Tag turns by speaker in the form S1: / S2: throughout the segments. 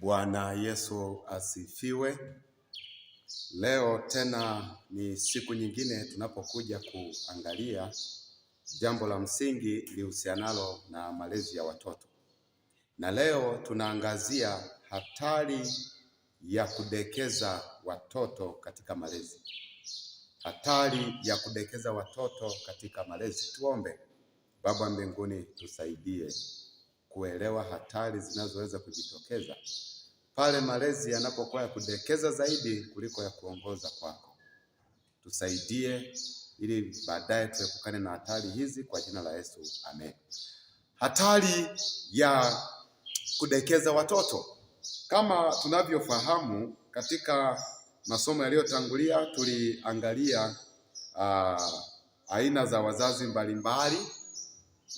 S1: Bwana Yesu asifiwe. Leo tena ni siku nyingine tunapokuja kuangalia jambo la msingi lihusianalo na malezi ya watoto, na leo tunaangazia hatari ya kudekeza watoto katika malezi. Hatari ya kudekeza watoto katika malezi. Tuombe. Baba mbinguni, tusaidie kuelewa hatari zinazoweza kujitokeza pale malezi yanapokuwa ya kudekeza zaidi kuliko ya kuongoza kwako. Tusaidie ili baadaye tuepukane na hatari hizi kwa jina la Yesu, amen. Hatari ya kudekeza watoto, kama tunavyofahamu katika masomo yaliyotangulia tuliangalia uh, aina za wazazi mbalimbali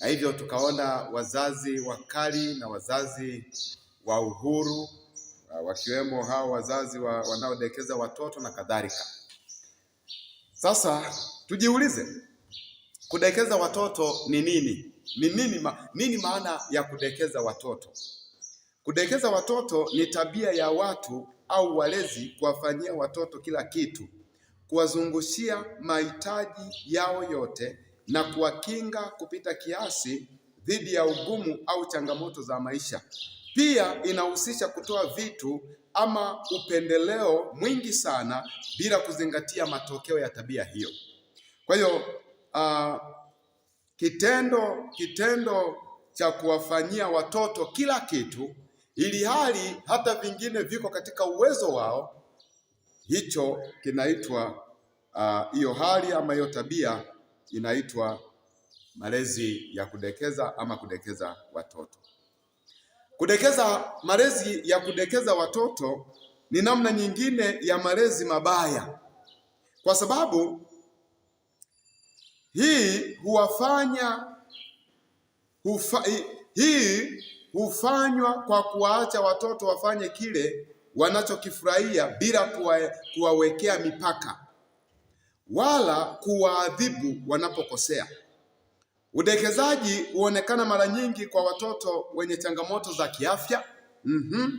S1: na hivyo tukaona wazazi wakali na wazazi wa uhuru wakiwemo hao wazazi wa, wanaodekeza watoto na kadhalika. Sasa tujiulize, kudekeza watoto ni nini? Ni nini, ma, nini maana ya kudekeza watoto? Kudekeza watoto ni tabia ya watu au walezi kuwafanyia watoto kila kitu, kuwazungushia mahitaji yao yote na kuwakinga kupita kiasi dhidi ya ugumu au changamoto za maisha. Pia inahusisha kutoa vitu ama upendeleo mwingi sana bila kuzingatia matokeo ya tabia hiyo. Kwa hiyo uh, kitendo kitendo cha kuwafanyia watoto kila kitu ili hali hata vingine viko katika uwezo wao, hicho kinaitwa hiyo uh, hali ama hiyo tabia inaitwa malezi ya kudekeza ama kudekeza watoto. Kudekeza, malezi ya kudekeza watoto ni namna nyingine ya malezi mabaya, kwa sababu hii huwafanya hufa, hii hufanywa kwa kuwaacha watoto wafanye kile wanachokifurahia bila kuwawekea mipaka wala kuwaadhibu wanapokosea. Udekezaji huonekana mara nyingi kwa watoto wenye changamoto za kiafya mm -hmm.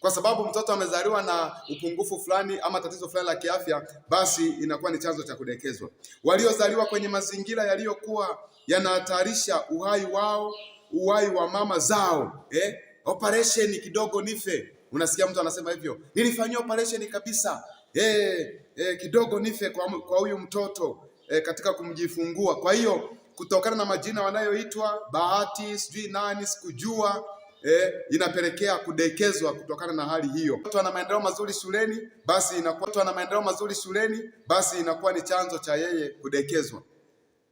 S1: Kwa sababu mtoto amezaliwa na upungufu fulani ama tatizo fulani la kiafya, basi inakuwa ni chanzo cha kudekezwa. Waliozaliwa kwenye mazingira yaliyokuwa yanahatarisha uhai wao, uhai wa mama zao eh? Operation kidogo nife, unasikia mtu anasema hivyo, nilifanyia operation kabisa hey, eh, eh, hey, kidogo nife kwa huyu mtoto hey, eh, katika kumjifungua. Kwa hiyo kutokana na majina wanayoitwa bahati, sijui nani, sikujua eh, inapelekea kudekezwa kutokana na hali hiyo. Mtu ana maendeleo mazuri shuleni, basi inakuwa mtu ana maendeleo mazuri shuleni, basi inakuwa ni chanzo cha yeye kudekezwa.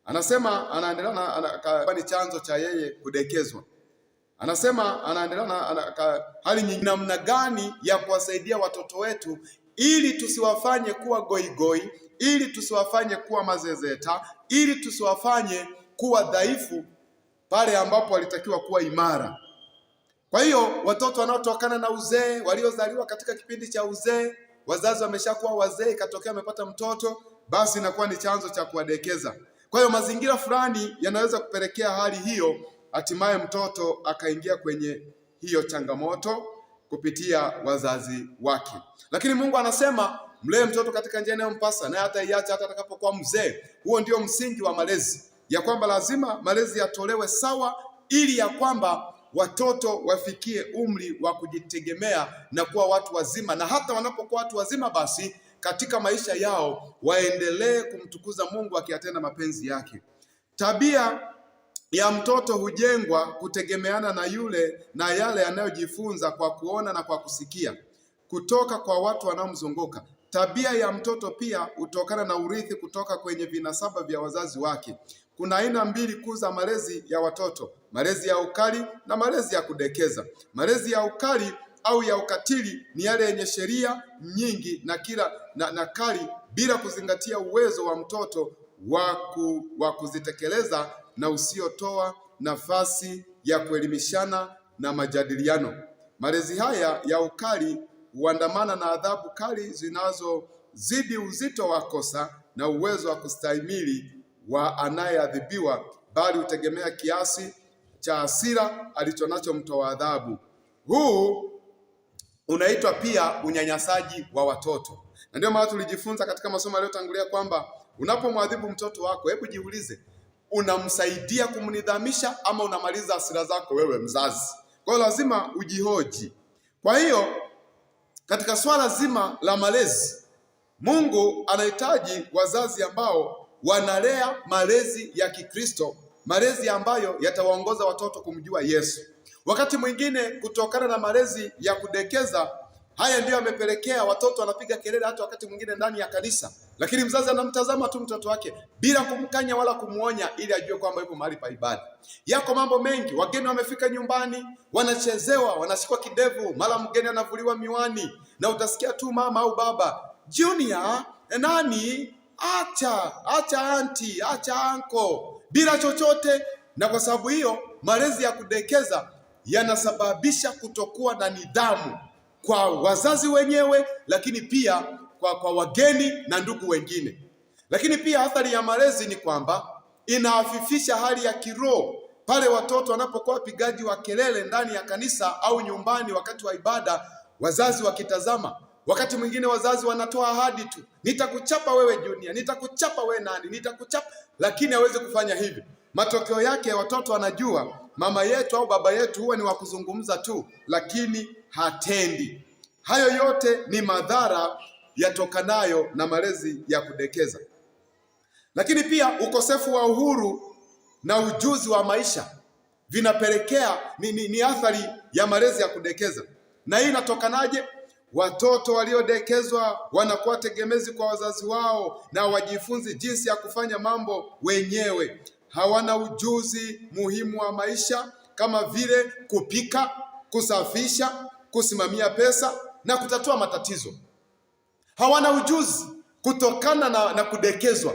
S1: Anasema anaendelea na ana, ni chanzo cha yeye kudekezwa. Anasema anaendelea na ana, hali nyingine. Namna gani ya kuwasaidia watoto wetu ili tusiwafanye kuwa goigoi, ili tusiwafanye kuwa mazezeta, ili tusiwafanye kuwa dhaifu pale ambapo walitakiwa kuwa imara. Kwa hiyo watoto wanaotokana na uzee, waliozaliwa katika kipindi cha uzee, wazazi wameshakuwa wazee, ikatokea amepata mtoto, basi inakuwa ni chanzo cha kuwadekeza. Kwa hiyo mazingira fulani yanaweza kupelekea hali hiyo, hatimaye mtoto akaingia kwenye hiyo changamoto kupitia wazazi wake. Lakini Mungu anasema mlee mtoto katika njia inayompasa naye hataiacha hata atakapokuwa mzee. Huo ndio msingi wa malezi, ya kwamba lazima malezi yatolewe sawa, ili ya kwamba watoto wafikie umri wa kujitegemea na kuwa watu wazima, na hata wanapokuwa watu wazima, basi katika maisha yao waendelee kumtukuza Mungu akiyatenda mapenzi yake. Tabia ya mtoto hujengwa kutegemeana na yule na yale anayojifunza kwa kuona na kwa kusikia kutoka kwa watu wanaomzunguka. Tabia ya mtoto pia hutokana na urithi kutoka kwenye vinasaba vya wazazi wake. Kuna aina mbili kuu za malezi ya watoto: malezi ya ukali na malezi ya kudekeza. Malezi ya ukali au ya ukatili ni yale yenye sheria nyingi na kila na, na kali bila kuzingatia uwezo wa mtoto wa kuzitekeleza na usiotoa nafasi ya kuelimishana na majadiliano. Malezi haya ya ukali huandamana na adhabu kali zinazozidi uzito wa kosa na uwezo wa kustahimili wa anayeadhibiwa, bali hutegemea kiasi cha hasira alichonacho mtoa adhabu. Huu unaitwa pia unyanyasaji wa watoto, na ndio maana tulijifunza katika masomo yaliyotangulia kwamba unapomwadhibu mtoto wako, hebu jiulize unamsaidia kumnidhamisha ama unamaliza hasira zako wewe mzazi. Kwa hiyo lazima ujihoji. Kwa hiyo katika swala zima la malezi, Mungu anahitaji wazazi ambao wanalea malezi ya Kikristo, malezi ambayo yatawaongoza watoto kumjua Yesu. Wakati mwingine kutokana na malezi ya kudekeza Haya ndiyo yamepelekea watoto wanapiga kelele hata wakati mwingine ndani ya kanisa, lakini mzazi anamtazama tu mtoto wake bila kumkanya wala kumwonya, ili ajue kwamba yupo mahali pa ibada. Yako mambo mengi, wageni wamefika nyumbani, wanachezewa, wanashikwa kidevu, mara mgeni anavuliwa miwani, na utasikia tu mama au baba, Junior, eh, nani, acha acha, anti, acha anko, bila chochote. Na kwa sababu hiyo malezi ya kudekeza yanasababisha kutokuwa na nidhamu kwa wazazi wenyewe, lakini pia kwa, kwa wageni na ndugu wengine. Lakini pia athari ya malezi ni kwamba inaafifisha hali ya kiroho pale watoto wanapokuwa wapigaji wa kelele ndani ya kanisa au nyumbani wakati wa ibada, wazazi wakitazama. Wakati mwingine wazazi wanatoa ahadi tu, nitakuchapa wewe junior, nitakuchapa wewe nani, nitakuchapa, lakini hawezi kufanya hivyo. Matokeo yake watoto wanajua mama yetu au baba yetu huwa ni wa kuzungumza tu, lakini hatendi. Hayo yote ni madhara yatokanayo na malezi ya kudekeza. Lakini pia ukosefu wa uhuru na ujuzi wa maisha vinapelekea ni, ni, ni athari ya malezi ya kudekeza. Na hii inatokanaje? Watoto waliodekezwa wanakuwa tegemezi kwa wazazi wao na wajifunzi jinsi ya kufanya mambo wenyewe. Hawana ujuzi muhimu wa maisha kama vile kupika, kusafisha, kusimamia pesa na kutatua matatizo. Hawana ujuzi kutokana na, na kudekezwa.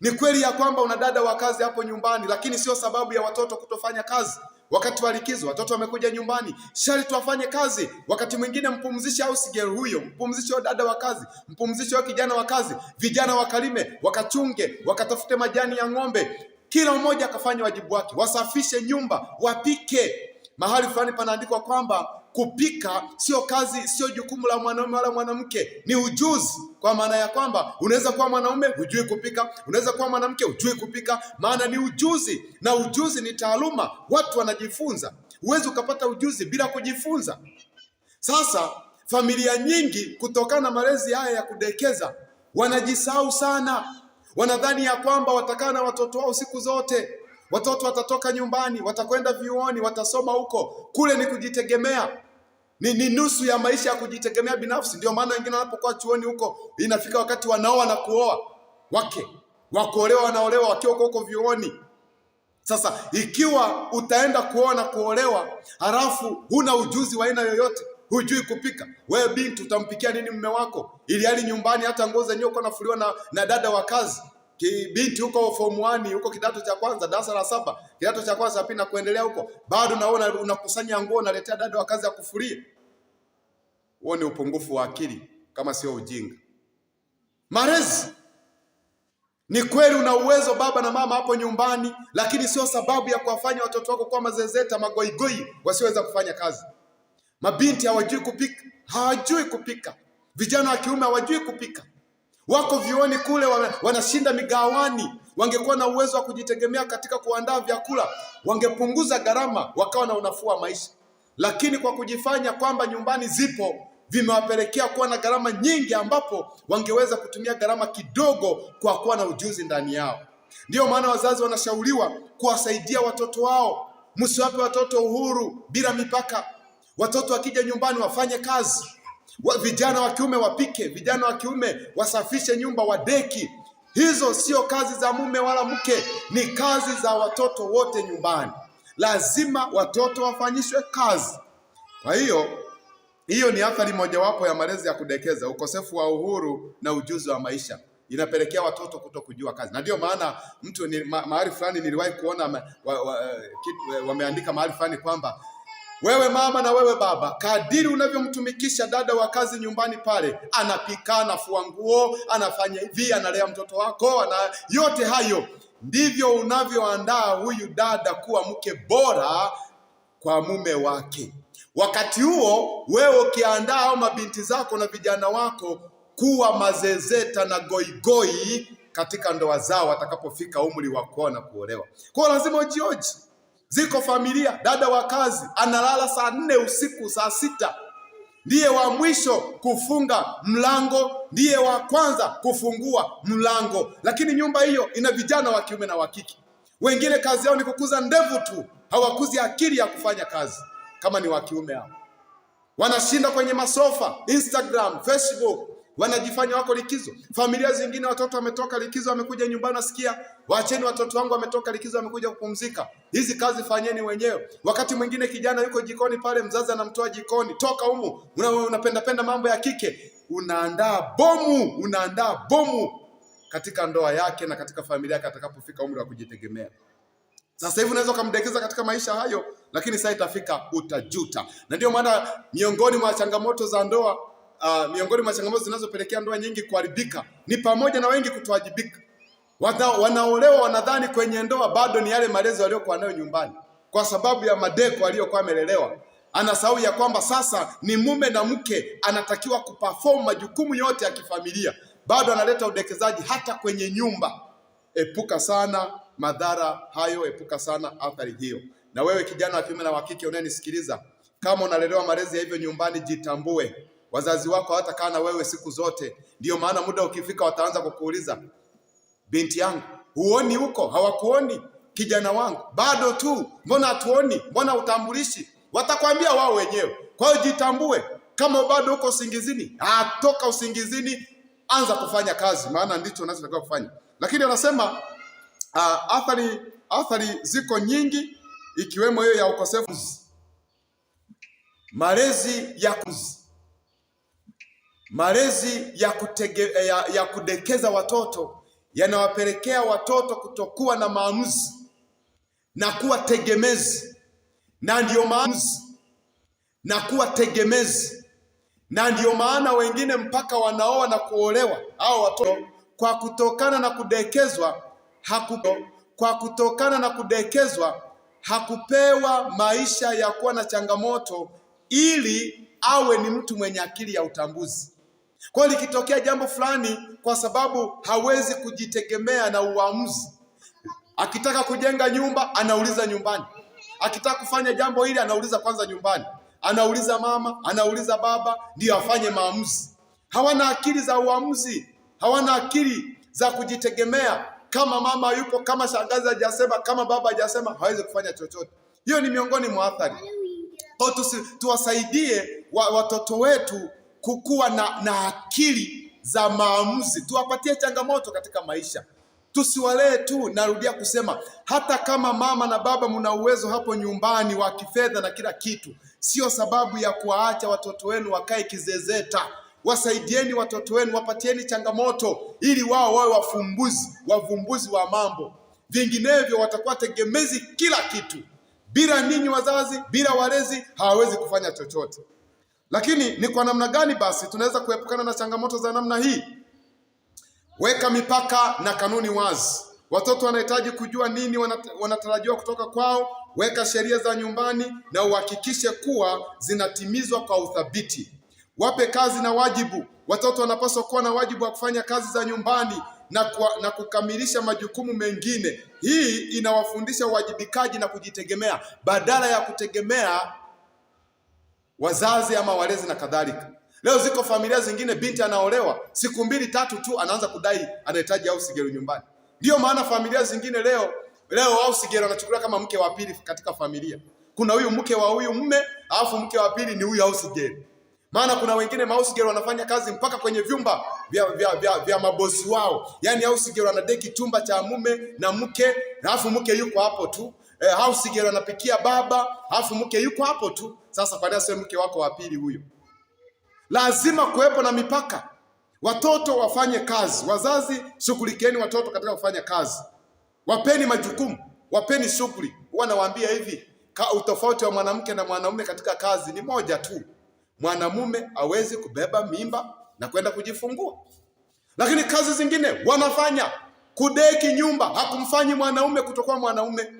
S1: Ni kweli ya kwamba una dada wa kazi hapo nyumbani, lakini sio sababu ya watoto kutofanya kazi. Wakati wa likizo watoto wamekuja nyumbani, sharti tuwafanye kazi. Wakati mwingine mpumzishe au sigeli huyo, mpumzishe dada wa kazi, mpumzishe kijana wa kazi. Vijana wakalime, wakachunge, wakatafute majani ya ng'ombe, kila mmoja akafanya wajibu wake, wasafishe nyumba, wapike. Mahali fulani panaandikwa kwamba kupika sio kazi, sio jukumu la mwanaume wala mwanamke, ni ujuzi, kwa maana ya kwamba unaweza kuwa mwanaume hujui kupika, unaweza kuwa mwanamke hujui kupika, maana ni ujuzi, na ujuzi ni taaluma, watu wanajifunza. Huwezi ukapata ujuzi bila kujifunza. Sasa familia nyingi, kutokana na malezi haya ya kudekeza, wanajisahau sana, wanadhani ya kwamba watakaa na watoto wao siku zote watoto watatoka nyumbani, watakwenda vyuoni, watasoma huko. Kule ni kujitegemea ni, ni nusu ya maisha ya kujitegemea binafsi. Ndio maana wengine wanapokuwa chuoni huko, inafika wakati wanaoa na kuoa wake, wakuolewa wanaolewa wakiwa huko huko vyuoni. Sasa ikiwa utaenda kuoa na kuolewa halafu huna ujuzi wa aina yoyote, hujui kupika, wewe binti utampikia nini mume wako? Ili hali nyumbani hata nguo zenyewe uko nafuliwa na, na dada wa kazi Kibinti huko form 1 huko kidato cha kwanza darasa la saba kidato cha kwanza pia na kuendelea huko, bado naona unakusanya nguo unaletea dada wa kazi ya kufulia huo ni upungufu wa akili kama sio ujinga. Malezi ni kweli, una uwezo baba na mama hapo nyumbani, lakini sio sababu ya kuwafanya watoto wako kuwa mazezeta, magoigoi wasioweza kufanya kazi. Mabinti hawajui kupika, hawajui kupika. Vijana wa kiume hawajui kupika, wako vioni kule, wanashinda migawani. Wangekuwa na uwezo wa kujitegemea katika kuandaa vyakula, wangepunguza gharama, wakawa na unafuu wa maisha, lakini kwa kujifanya kwamba nyumbani zipo vimewapelekea kuwa na gharama nyingi, ambapo wangeweza kutumia gharama kidogo kwa kuwa na ujuzi ndani yao. Ndiyo maana wazazi wanashauriwa kuwasaidia watoto wao. Msiwape watoto uhuru bila mipaka. Watoto wakija nyumbani wafanye kazi, vijana wa kiume wapike, vijana wa kiume wasafishe nyumba, wadeki. Hizo sio kazi za mume wala mke, ni kazi za watoto wote nyumbani. Lazima watoto wafanyishwe kazi. Kwa hiyo hiyo ni athari mojawapo ya malezi ya kudekeza, ukosefu wa uhuru na ujuzi wa maisha inapelekea watoto kuto kujua kazi, na ndio maana mtu ni ma, mahali fulani niliwahi kuona wameandika wa, wa, eh, eh, wa mahali fulani kwamba wewe mama na wewe baba, kadiri unavyomtumikisha dada wa kazi nyumbani pale, anapika, anafua nguo, anafanya hivi, analea mtoto wako ana yote hayo, ndivyo unavyoandaa huyu dada kuwa mke bora kwa mume wake. Wakati huo wewe ukiandaa au mabinti zako na vijana wako kuwa mazezeta na goigoi katika ndoa zao watakapofika umri wa kuoa na kuolewa. Kwa hiyo lazima ujioji. Ziko familia, dada wa kazi analala saa nne usiku, saa sita ndiye wa mwisho kufunga mlango, ndiye wa kwanza kufungua mlango. Lakini nyumba hiyo ina vijana wa kiume na wa kike, wengine kazi yao ni kukuza ndevu tu, hawakuzi akili ya kufanya kazi kama ni wa kiume hao. Wanashinda kwenye masofa, Instagram, Facebook, wanajifanya wako likizo. Familia zingine watoto wametoka likizo, wamekuja nyumbani, nasikia waacheni watoto wangu wametoka likizo, wamekuja kupumzika. Hizi kazi fanyeni wenyewe. Wakati mwingine kijana yuko jikoni pale, mzazi anamtoa jikoni, toka humu, unapendapenda una mambo ya kike, unaandaa bomu, unaandaa bomu katika ndoa yake na katika familia yake atakapofika umri wa kujitegemea. Sasa hivi unaweza ukamdekeza katika maisha hayo, lakini saa itafika utajuta. Na ndio maana miongoni mwa changamoto za ndoa uh, miongoni mwa changamoto zinazopelekea ndoa nyingi kuharibika ni pamoja na wengi kutowajibika. Wanaolewa wanadhani kwenye ndoa bado ni yale malezi waliokuwa nayo nyumbani, kwa sababu ya madeko aliyokuwa amelelewa anasahau ya kwamba sasa ni mume na mke anatakiwa kuperform majukumu yote ya kifamilia. Bado analeta udekezaji hata kwenye nyumba. Epuka sana madhara hayo, epuka sana athari hiyo. Na wewe kijana wa kiume na wa kike unayenisikiliza, kama unalelewa malezi ya hivyo nyumbani, jitambue. Wazazi wako hawatakaa na wewe siku zote, ndiyo maana muda ukifika wataanza kukuuliza, binti yangu, huoni huko? Hawakuoni kijana wangu, bado tu, mbona hatuoni? Mbona utambulishi? Watakwambia wao wenyewe. Kwa hiyo jitambue. Kama bado uko usingizini, atoka usingizini, anza kufanya kazi, maana ndicho unachotakiwa kufanya. Lakini anasema uh, athari athari ziko nyingi ikiwemo hiyo ya ukosefu, malezi ya kuzi, malezi ya, kutege, ya, ya kudekeza watoto yanawapelekea watoto kutokuwa na maamuzi na kuwa tegemezi, na ndiyo maamuzi na kuwa tegemezi, na ndiyo maana wengine mpaka wanaoa na kuolewa hao watoto kwa kutokana na kudekezwa haku, kwa kutokana na kudekezwa hakupewa maisha ya kuwa na changamoto ili awe ni mtu mwenye akili ya utambuzi. Kwa hiyo likitokea jambo fulani, kwa sababu hawezi kujitegemea na uamuzi, akitaka kujenga nyumba anauliza nyumbani, akitaka kufanya jambo hili anauliza kwanza nyumbani, anauliza mama, anauliza baba, ndiyo afanye maamuzi. Hawana akili za uamuzi, hawana akili za kujitegemea kama mama yupo, kama shangazi hajasema, kama baba hajasema, hawezi kufanya chochote. Hiyo ni miongoni mwa athari kwa tuwasaidie wa, watoto wetu kukuwa na, na akili za maamuzi. Tuwapatie changamoto katika maisha, tusiwalee tu. Narudia kusema hata kama mama na baba mna uwezo hapo nyumbani wa kifedha na kila kitu, sio sababu ya kuwaacha watoto wenu wakae kizezeta. Wasaidieni watoto wenu, wapatieni changamoto ili wao wawe wafumbuzi, wavumbuzi wa mambo. Vinginevyo watakuwa tegemezi kila kitu. Bila ninyi wazazi, bila walezi hawawezi kufanya chochote. Lakini ni kwa namna gani basi tunaweza kuepukana na changamoto za namna hii? Weka mipaka na kanuni wazi. Watoto wanahitaji kujua nini wanatarajiwa kutoka kwao. Weka sheria za nyumbani na uhakikishe kuwa zinatimizwa kwa uthabiti. Wape kazi na wajibu. Watoto wanapaswa kuwa na wajibu wa kufanya kazi za nyumbani na, kwa, na kukamilisha majukumu mengine. Hii inawafundisha uwajibikaji na kujitegemea badala ya kutegemea wazazi ama walezi na kadhalika. Leo ziko familia zingine, binti anaolewa siku mbili tatu tu anaanza kudai anahitaji au sigero nyumbani. Ndiyo maana familia zingine leo leo au sigero anachukuliwa kama mke wa pili katika familia. Kuna huyu mke wa huyu mme, alafu mke wa pili ni huyu au sigero. Maana kuna wengine house girl wanafanya kazi mpaka kwenye vyumba vya, vya, vya, vya mabosi wao. Yaani house girl anadeki chumba cha mume na mke, alafu mke yuko hapo tu. E, house girl anapikia baba, alafu mke yuko hapo tu. Sasa kwa nini mke wako wa pili huyo? Lazima kuwepo na mipaka. Watoto wafanye kazi, wazazi shughulikieni watoto katika kufanya kazi, wapeni majukumu, wapeni shughuli. Huwa nawaambia hivi, utofauti wa mwanamke na mwanaume katika kazi ni moja tu mwanamume awezi kubeba mimba na kwenda kujifungua. Lakini kazi zingine wanafanya, kudeki nyumba hakumfanyi mwanaume kutokuwa mwanaume,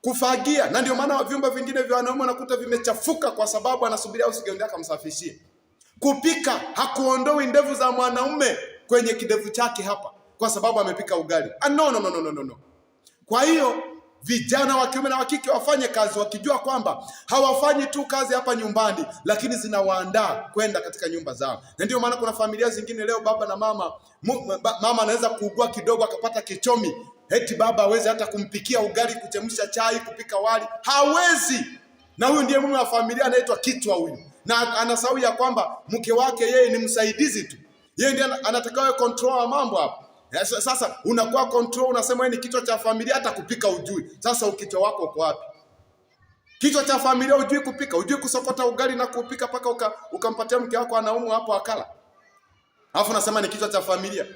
S1: kufagia. Na ndio maana vyumba vingine vya wanaume wanakuta vimechafuka, kwa sababu anasubiria au sigeondea akamsafishie. Kupika hakuondoi ndevu za mwanaume kwenye kidevu chake hapa, kwa sababu amepika ugali. Ah, no, no, no, no, no, no. Kwa hiyo vijana wa kiume na wa kike wafanye kazi wakijua kwamba hawafanyi tu kazi hapa nyumbani, lakini zinawaandaa kwenda katika nyumba zao. Na ndio maana kuna familia zingine leo baba na mama mama anaweza kuugua kidogo akapata kichomi, eti baba hawezi hata kumpikia ugali, kuchemsha chai, kupika wali, hawezi. Na huyu ndiye mume wa familia anaitwa kichwa huyu, na anasahau ya kwamba mke wake yeye ni msaidizi tu, yeye ndiye anatakiwa control mambo hapa Eh, sasa unakuwa control, unasema ni kichwa cha familia, hata kupika ujui. Sasa ukichwa wako uko wapi? Kichwa cha familia ujui kupika, ujui kusokota ugali na kupika paka uka, ukampatia mke wako anaumwa hapo akala, alafu unasema ni kichwa cha familia.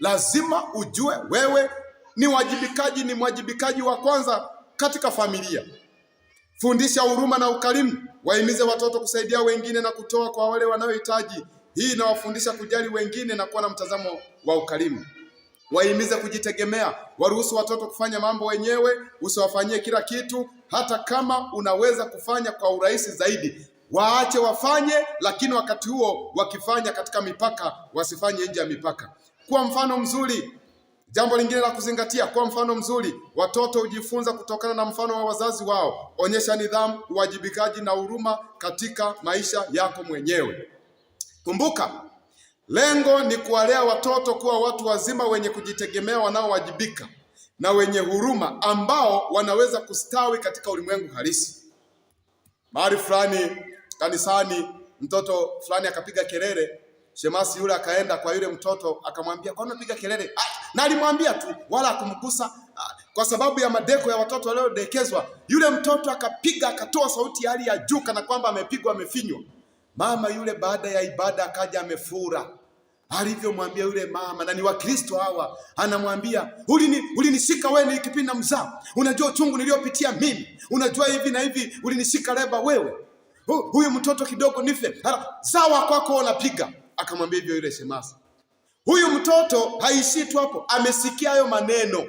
S1: Lazima ujue wewe ni wajibikaji, ni mwajibikaji wa kwanza katika familia. Fundisha huruma na ukarimu, wahimize watoto kusaidia wengine na kutoa kwa wale wanaohitaji. Hii inawafundisha kujali wengine na kuwa na mtazamo wa ukarimu wahimize kujitegemea, waruhusu watoto kufanya mambo wenyewe, usiwafanyie kila kitu. Hata kama unaweza kufanya kwa urahisi zaidi, waache wafanye, lakini wakati huo wakifanya katika mipaka, wasifanye nje ya mipaka. Kuwa mfano mzuri. Jambo lingine la kuzingatia, kuwa mfano mzuri. Watoto hujifunza kutokana na mfano wa wazazi wao. Onyesha nidhamu, uwajibikaji na huruma katika maisha yako mwenyewe. Kumbuka, Lengo ni kuwalea watoto kuwa watu wazima wenye kujitegemea, wanaowajibika na wenye huruma, ambao wanaweza kustawi katika ulimwengu halisi. Mahali fulani kanisani, mtoto fulani akapiga kelele, shemasi yule akaenda kwa yule mtoto akamwambia, kwa nini unapiga kelele? Ah, na alimwambia tu, wala akumgusa ah, kwa sababu ya madeko ya watoto waliodekezwa. Yule mtoto akapiga, akatoa sauti ya hali ya juu, kana kwamba amepigwa, amefinywa. Mama yule baada ya ibada akaja amefura, alivyomwambia yule mama, na ni Wakristo hawa, anamwambia ulinishika uli wewe kipindi na mzaa, unajua uchungu niliyopitia mimi, unajua hivi na hivi, ulinishika leba wewe, huyu mtoto kidogo nife, zawa kwako unapiga. Akamwambia hivyo yule shemasi. Huyu mtoto haishii tu hapo, amesikia hayo maneno,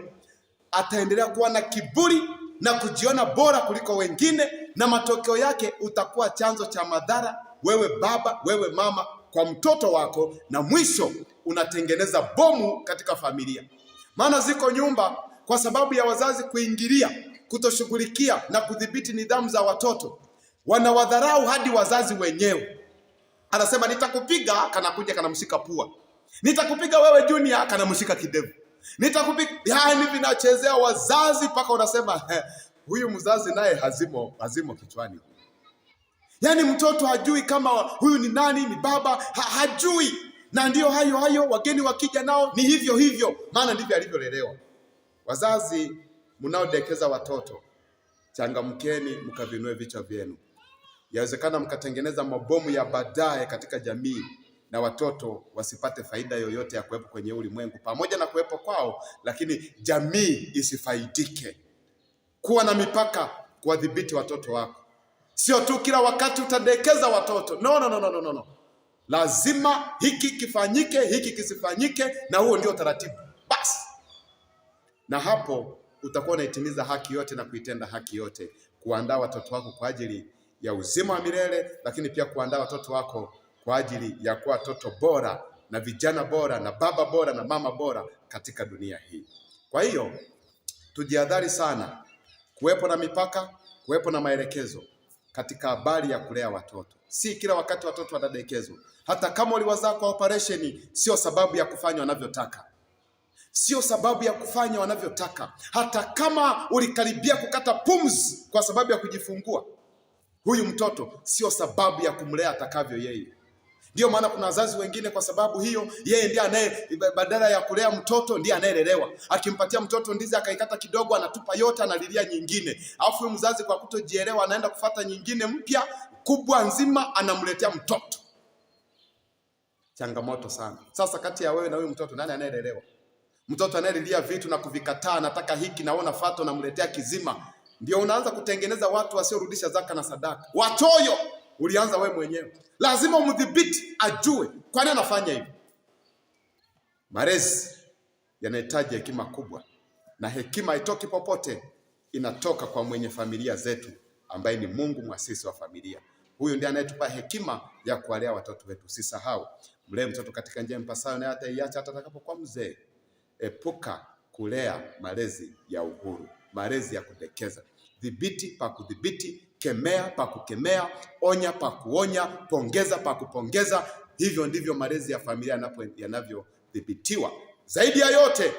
S1: ataendelea kuwa na kiburi na kujiona bora kuliko wengine, na matokeo yake utakuwa chanzo cha madhara wewe baba, wewe mama, kwa mtoto wako, na mwisho unatengeneza bomu katika familia. Maana ziko nyumba kwa sababu ya wazazi kuingilia, kutoshughulikia na kudhibiti nidhamu za watoto, wanawadharau hadi wazazi wenyewe. Anasema nitakupiga, kanakuja kanamshika pua, nitakupiga wewe junior, kanamshika kidevu, nitakupiga. Yani vinachezea wazazi mpaka unasema huyu mzazi naye hazimo, hazimo kichwani. Yaani mtoto hajui kama huyu ni nani, ni baba ha, hajui. Na ndiyo hayo hayo, wageni wakija nao ni hivyo hivyo, maana ndivyo alivyolelewa. Wazazi mnaodekeza watoto, changamkeni mkavinue vichwa vyenu. Yawezekana mkatengeneza mabomu ya baadaye katika jamii na watoto wasipate faida yoyote ya kuwepo kwenye ulimwengu pamoja na kuwepo kwao, lakini jamii isifaidike. Kuwa na mipaka, kuwadhibiti watoto wako. Sio tu kila wakati utadekeza watoto no, no, no, no, no. Lazima hiki kifanyike, hiki kisifanyike, na huo ndio taratibu basi, na hapo utakuwa unaitimiza haki yote na kuitenda haki yote, kuandaa watoto wako kwa ajili ya uzima wa milele, lakini pia kuandaa watoto wako kwa ajili ya kuwa watoto bora na vijana bora na baba bora na mama bora katika dunia hii. Kwa hiyo tujihadhari sana, kuwepo na mipaka, kuwepo na maelekezo katika habari ya kulea watoto. Si kila wakati watoto wanadekezwa. Hata kama uliwazaa kwa operesheni, sio sababu ya kufanya wanavyotaka, sio sababu ya kufanya wanavyotaka. Hata kama ulikaribia kukata pumzi kwa sababu ya kujifungua, huyu mtoto sio sababu ya kumlea atakavyo yeye. Ndio maana kuna wazazi wengine, kwa sababu hiyo, yeye ndiye anaye, badala ya kulea mtoto ndiye anayelelewa. Akimpatia mtoto ndizi akaikata kidogo, anatupa yote, analilia nyingine, alafu mzazi kwa kutojielewa anaenda kufata nyingine mpya kubwa nzima, anamletea mtoto. Changamoto sana. Sasa kati ya wewe na huyu mtoto, nani anayelelewa? Mtoto anayelilia vitu na kuvikataa, nataka hiki, naona fato, namletea kizima. Ndio unaanza kutengeneza watu wasiorudisha zaka na sadaka, watoyo ulianza we mwenyewe. Lazima umdhibiti, ajue nini anafanya hivyo. Malezi yanahitaji hekima kubwa, na hekima haitoki popote, inatoka kwa mwenye familia zetu ambaye ni Mungu mwasisi wa familia. Huyu ndiye anayetupa hekima ya kuwalea watoto wetu. Usisahau, mlee mtoto katika njia mpasayo, naye hataiacha hata atakapokuwa mzee. Epuka kulea malezi ya uhuru, malezi ya kudekeza. Dhibiti pa kudhibiti kemea pa kukemea, onya pa kuonya, pongeza pa kupongeza. Hivyo ndivyo malezi ya familia yanavyodhibitiwa. Zaidi ya yote,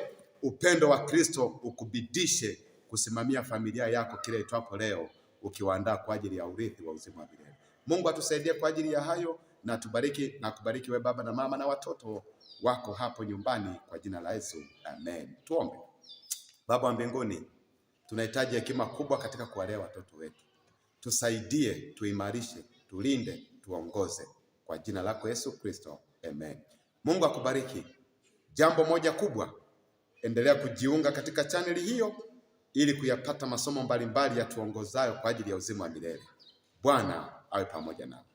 S1: upendo wa Kristo ukubidishe kusimamia familia yako kile itwapo leo, ukiwaandaa kwa ajili ya urithi wa uzima wa milele. Mungu atusaidie kwa ajili ya hayo na tubariki na kubariki we baba na mama na watoto wako hapo nyumbani kwa jina la Yesu, amen. Tuombe. Baba wa mbinguni, tunahitaji hekima kubwa katika kuwalea watoto wetu tusaidie, tuimarishe, tulinde, tuongoze kwa jina lako Yesu Kristo, amen. Mungu akubariki. Jambo moja kubwa, endelea kujiunga katika chaneli hiyo ili kuyapata masomo mbalimbali yatuongozayo kwa ajili ya uzima wa milele. Bwana awe pamoja nawe.